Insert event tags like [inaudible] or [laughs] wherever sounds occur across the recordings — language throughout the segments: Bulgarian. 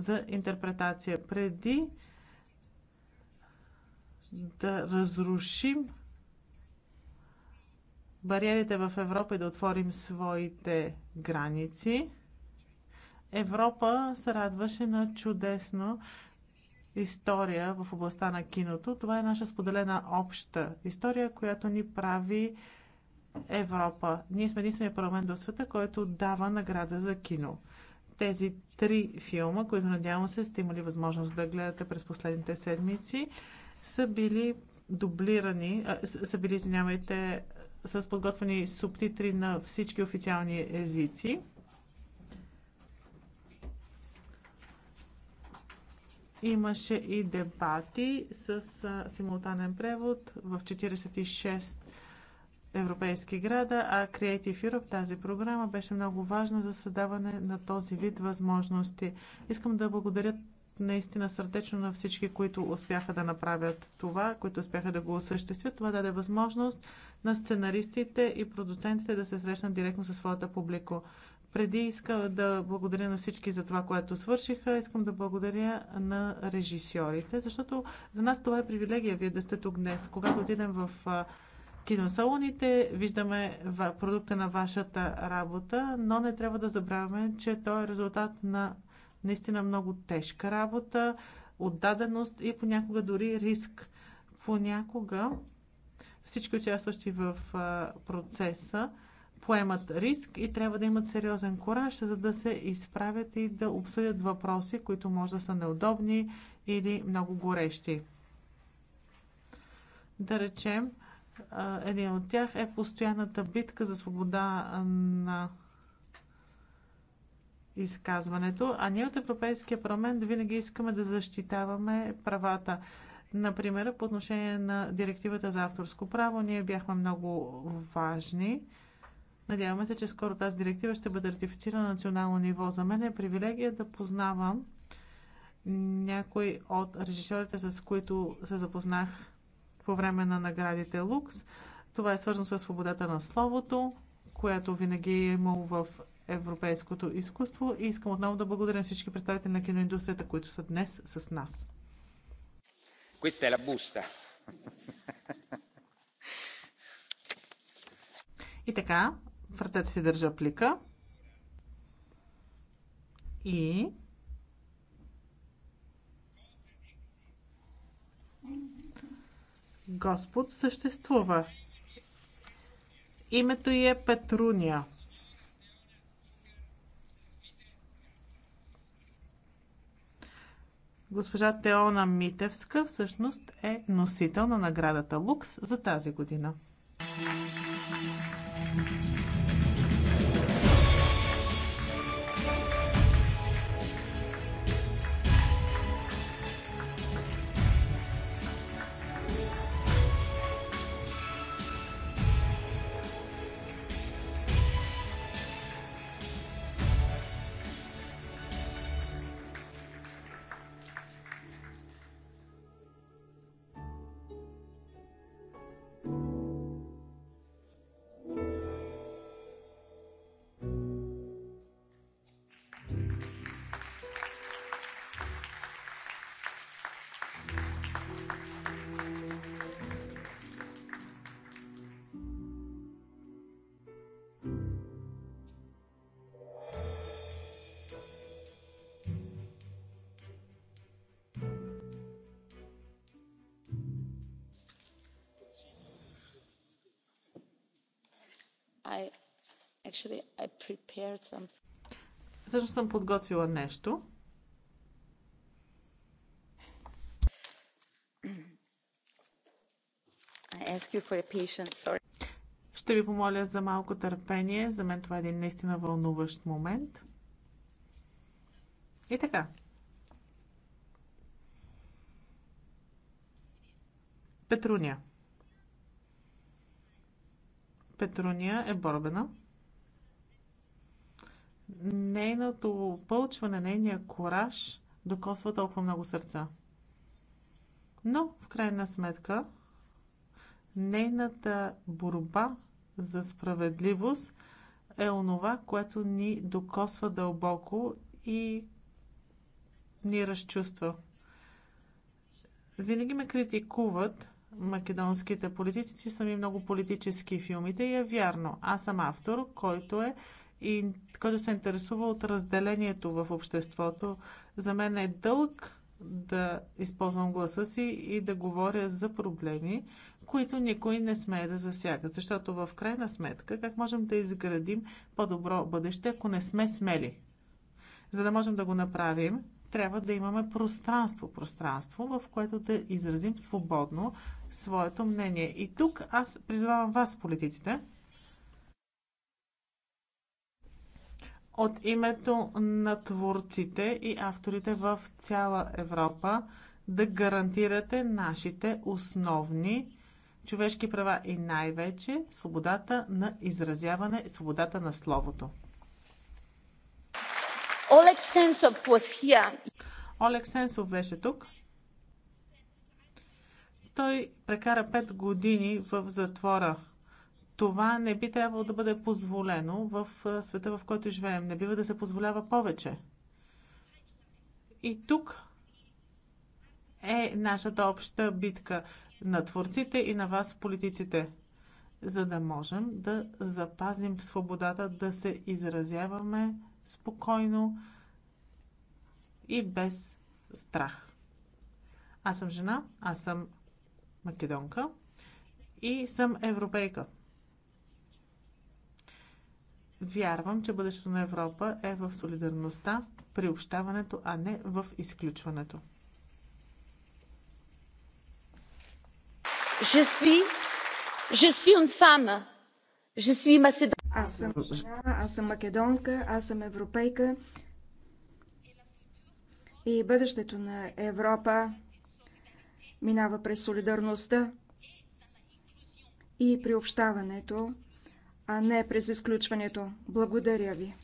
за интерпретация. Преди да разрушим бариерите в Европа и да отворим своите граници, Европа се радваше на чудесно история в областта на киното. Това е наша споделена обща история, която ни прави Европа. Ние сме единствения парламент в света, който дава награда за кино тези три филма, които надявам се сте имали възможност да гледате през последните седмици, са били дублирани, а, са били, извинявайте, с подготвени субтитри на всички официални езици. Имаше и дебати с а, симултанен превод в 46 европейски града, а Creative Europe, тази програма, беше много важна за създаване на този вид възможности. Искам да благодаря наистина сърдечно на всички, които успяха да направят това, които успяха да го осъществят. Това даде възможност на сценаристите и продуцентите да се срещнат директно със своята публика. Преди искам да благодаря на всички за това, което свършиха. Искам да благодаря на режисьорите, защото за нас това е привилегия вие да сте тук днес. Когато отидем в Киносалоните, виждаме продукта на вашата работа, но не трябва да забравяме, че той е резултат на наистина много тежка работа, отдаденост и понякога дори риск. Понякога всички участващи в процеса поемат риск и трябва да имат сериозен кораж, за да се изправят и да обсъдят въпроси, които може да са неудобни или много горещи. Да речем, един от тях е постоянната битка за свобода на изказването, а ние от Европейския парламент винаги искаме да защитаваме правата. Например, по отношение на директивата за авторско право, ние бяхме много важни. Надяваме се, че скоро тази директива ще бъде ратифицирана на национално ниво. За мен е привилегия да познавам някой от режисьорите, с които се запознах по време на наградите Лукс. Това е свързано с свободата на словото, която винаги е имало в европейското изкуство. И искам отново да благодаря на всички представители на киноиндустрията, които са днес с нас. Questa è la busta. И така, в ръцете си държа плика. И Господ съществува. Името й е Петруния. Госпожа Теона Митевска всъщност е носител на наградата Лукс за тази година. I, actually, I prepared something. Също съм подготвила нещо. I ask you for patience, sorry. Ще ви помоля за малко търпение. За мен това е един наистина вълнуващ момент. И така. Петруня. Петрония е борбена. Нейното опълчване, нейния кораж докосва толкова много сърца. Но, в крайна сметка, нейната борба за справедливост е онова, което ни докосва дълбоко и ни разчувства. Винаги ме критикуват македонските политици, че са ми много политически филмите и е вярно. Аз съм автор, който е и който се интересува от разделението в обществото. За мен е дълг да използвам гласа си и да говоря за проблеми, които никой не смее да засяга. Защото в крайна сметка, как можем да изградим по-добро бъдеще, ако не сме смели? За да можем да го направим, трябва да имаме пространство, пространство, в което да изразим свободно своето мнение. И тук аз призвавам вас, политиците, от името на творците и авторите в цяла Европа да гарантирате нашите основни човешки права и най-вече свободата на изразяване, свободата на словото. Oleg Сенсов. was here. Олег Сенсов беше тук. Той прекара пет години в затвора. Това не би трябвало да бъде позволено в света, в който живеем. Не бива да се позволява повече. И тук е нашата обща битка на творците и на вас, политиците, за да можем да запазим свободата да се изразяваме спокойно и без страх. Аз съм жена, аз съм македонка и съм европейка. Вярвам, че бъдещето на Европа е в солидарността, приобщаването, а не в изключването. Je suis, je suis une femme. Je suis macédonienne. Аз съм жена, аз съм македонка, аз съм европейка. И бъдещето на Европа минава през солидарността и приобщаването, а не през изключването. Благодаря ви.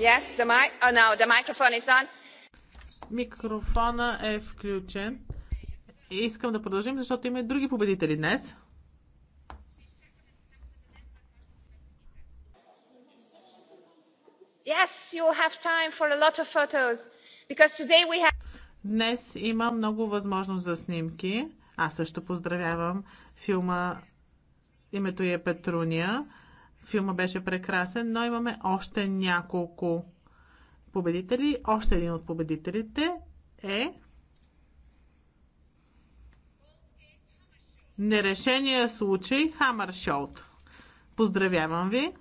Oh, Микрофона е включен. Искам да продължим, защото има и други победители днес. Yes, have time for a lot of photos because today we have Днес има много възможност за снимки. Аз също поздравявам филма Името е Петруния. Филма беше прекрасен, но имаме още няколко победители. Още един от победителите е нерешения случай Хамършолт. Поздравявам ви!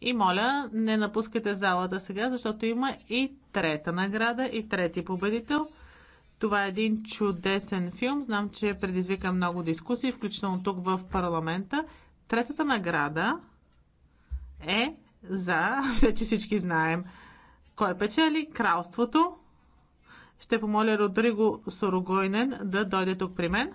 И моля, не напускате залата сега, защото има и трета награда и трети победител. Това е един чудесен филм. Знам, че предизвика много дискусии, включително тук в парламента. Третата награда е за, [laughs] че всички знаем, кой печели кралството. Ще помоля Родриго Сорогойнен да дойде тук при мен.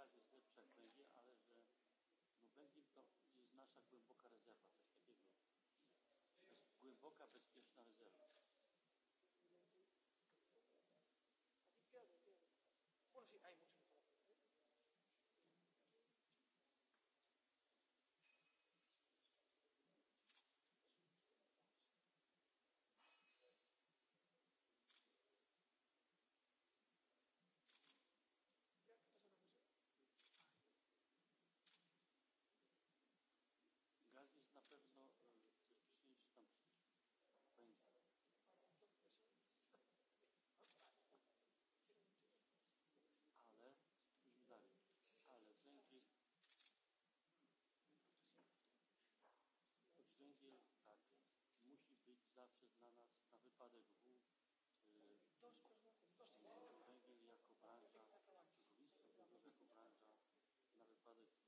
jest że jak będzie, ale że będzie to jest nasza głęboka rezerwa, coś takiego. To jest głęboka, bezpieczna rezerwa. patrzy na nas na wypadek W, węgiel jako branża, górnictwo jako branża na wypadek W.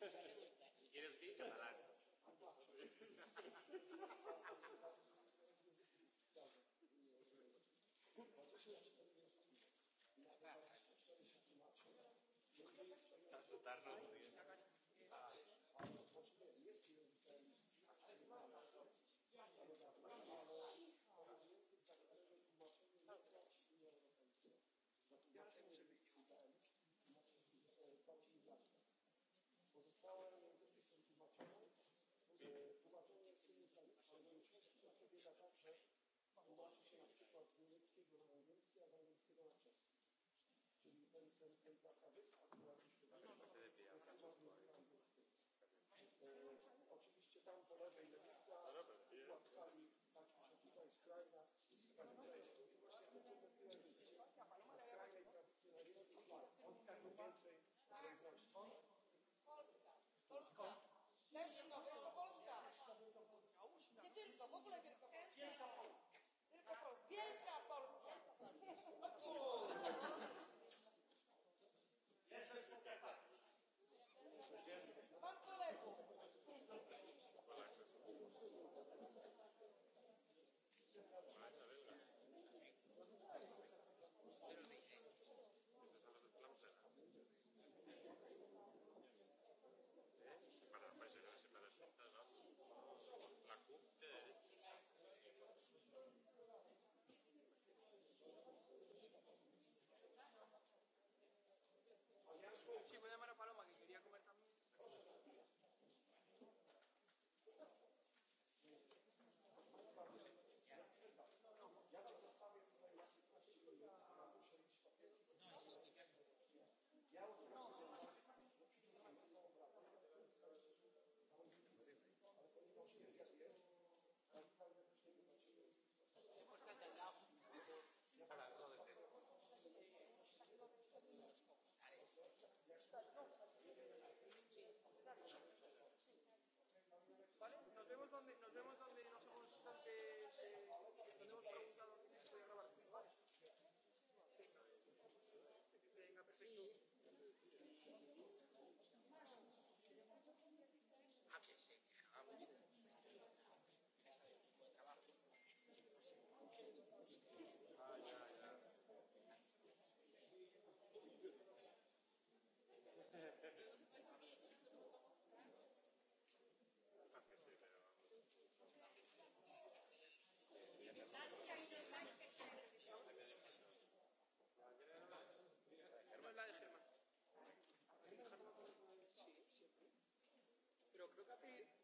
¿Quieres bien catalán? Tratar no podía. обаче ще напишат Вилницки, Вилницки, а за Вилницки да начес. Czyli ten, ten, ten taka wyspa, która gdzieś tutaj jest, to jest Wilnicki. Vale, nos vemos donde, nos vemos donde nos hemos antes eh, donde hemos preguntado si se puede grabar. Vale. Venga, perfecto. A sí. Bürgerbegehren.